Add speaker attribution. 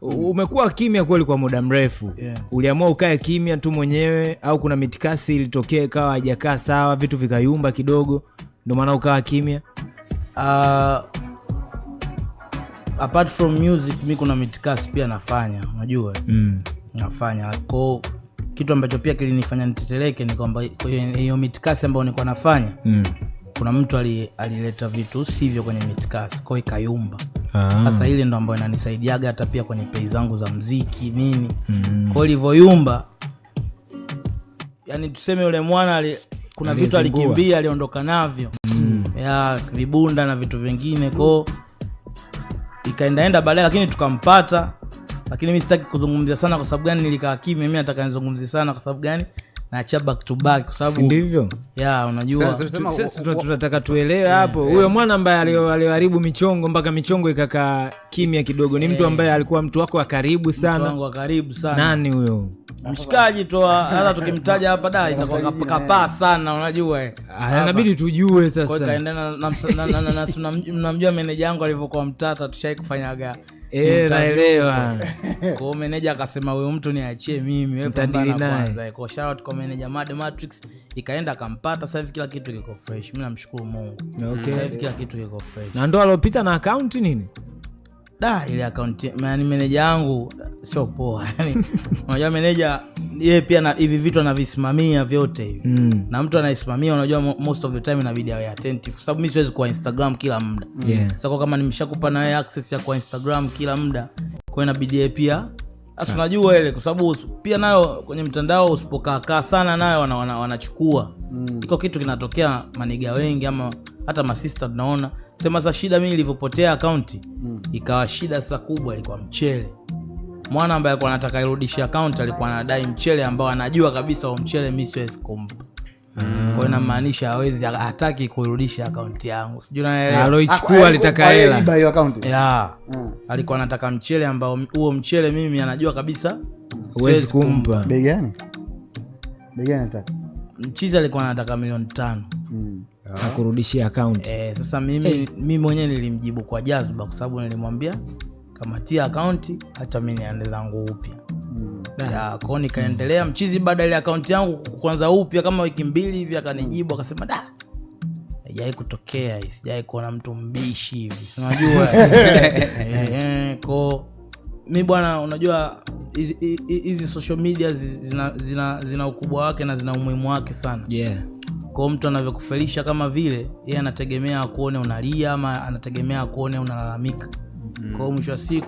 Speaker 1: Umekuwa kimya kweli kwa muda mrefu yeah. Uliamua ukae kimya tu mwenyewe au kuna mitikasi ilitokea ikawa haijakaa sawa, vitu vikayumba kidogo, ndio maana ukawa kimya?
Speaker 2: Uh, apart from music mi kuna mitikasi pia nafanya, unajua mm. nafanya ko kitu ambacho pia kilinifanya niteteleke ni kwamba hiyo mitikasi ambayo nikuwa nafanya mm. kuna mtu alileta ali vitu sivyo kwenye mitikasi kwao ikayumba Ah. Sasa ile ndo ambayo inanisaidiaga hata pia kwenye pei zangu za mziki nini. Mm. Kwa ilivyoyumba, yani tuseme yule mwana ali, kuna Hali vitu alikimbia aliondoka navyo mm. ya vibunda na vitu vingine koo ikaendaenda baadaye, lakini tukampata. Lakini mi sitaki kuzungumzia sana, kwa sababu gani nilikaa kimya. Mi nataka nizungumzie sana, kwa sababu gani naachia back to back kwa sababu ndivyo ya unajua
Speaker 1: tunataka tuelewe hapo huyo mwana ambaye alioharibu michongo mpaka michongo ikakaa kimya kidogo ni mtu ambaye alikuwa mtu wako wa karibu sana
Speaker 2: wa karibu sana
Speaker 1: nani huyo
Speaker 2: mshikaji toa hata tukimtaja hapa da itakuwa kapaa sana unajua
Speaker 1: inabidi tujue sasa
Speaker 2: kaendana namjua meneja yangu alivyokuwa mtata tushai kufanyaga
Speaker 1: Eh, naelewa.
Speaker 2: Kwa meneja akasema huyu mtu niachie mimi, wewe Kwa shout kwa meneja Mad Matrix ikaenda akampata, sasa kila kitu kiko fresh. mi namshukuru Mungu. Okay. kila kitu kiko fresh.
Speaker 1: Na ndo alopita na account nini?
Speaker 2: Da, ile account, ni meneja yangu sio poa. unajua meneja yeye pia na hivi vitu anavisimamia vyote hivi mm. na mtu anaisimamia, unajua most of the time inabidi awe attentive, kwa sababu mimi siwezi kuwa Instagram kila muda mm. yeah. Sasa kama nimeshakupa naye access ya kwa Instagram kila muda, kwa inabidi yeye pia sasa ah. unajua ile, kwa sababu pia nayo kwenye mtandao usipokaakaa sana nayo wanachukua wana, wana mm. iko mm. kitu kinatokea maniga wengi ama hata masista tunaona sema. Sasa shida mimi ilivyopotea akaunti mm. ikawa shida sasa kubwa, ilikuwa mchele mwana ambaye alikuwa anataka irudishe akaunti alikuwa anadai mchele ambao anajua kabisa huo mchele mi siwezi kumpa. Mm. Kwa hiyo inamaanisha hawezi hataki kuirudisha akaunti yangu.
Speaker 1: Sijui unaelewa.
Speaker 2: Aloichukua alitaka hela. Yeah. Mm. Alikuwa anataka mchele ambao huo mchele mimi anajua kabisa
Speaker 1: huwezi kumpa. Bei gani? Bei anataka?
Speaker 2: Mchizi alikuwa anataka milioni tano.
Speaker 1: Mm. Akurudishia akaunti
Speaker 2: Eh, sasa mimi hey, mimi mwenyewe nilimjibu kwa jazba kwa sababu nilimwambia kamatia akaunti, hata mi niende zangu upya mm. kwao nikaendelea mchizi, baada ile akaunti yangu kwanza upya kama wiki mbili hivi, akanijibu mm. akasema da Sijai kutokea sijai kuona mtu mbishi hivi, unajua eh, eh, ko mi bwana, unajua hizi social media zina, zina, zina ukubwa wake na zina umuhimu wake sana yeah. Kwao mtu anavyokufelisha kama vile yeye anategemea akuone unalia ama anategemea akuone unalalamika Como Jaci,